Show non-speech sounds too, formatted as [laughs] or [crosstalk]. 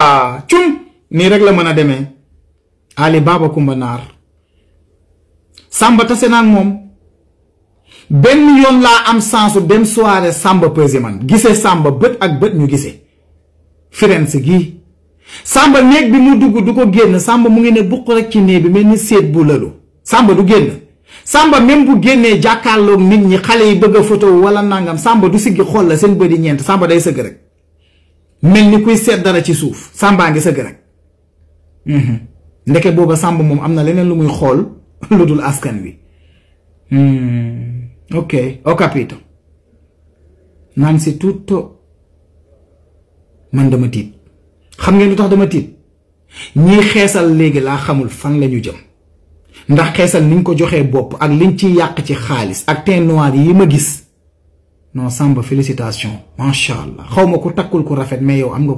ah cum nii rek la mën a demee Ali Baba Kumba Naar Samba tase naa moom benn yoon laa am sansu dem soirée Samba pesé man gisee Samba bët ak bët ñu gisee Firenze gii Samba néeg bi mu dugg du ko génn Samba mu ngi ne buq rek ci néeg bi mel ni seet bu lalu Samba du génn Samba même bu génnee jàkkaarloog nit ñi xale yi bëgg a wala nangam sàmba du siggi xool la seen bëri ñeent sàmba day sëgg rek. mel ni kuy seet dara ci suuf sàmbaa ngi sëgg rek mhm. ndeke booba sàmb moom am na leneen lu muy xool [laughs] lu dul askan wi mhm. ok ho capito naan si tutto man dama tiit xam ngeen lu tax dama tiit ñiy xeesal léegi laa xamul fan lañu jëm ndax xeesal niñ ko joxee bopp ak liñ ci yàq ci xaalis ak teint noir yi ma gis non Samba félicitation macha allah xaw ma ku takkul ku rafet mais yow am nga.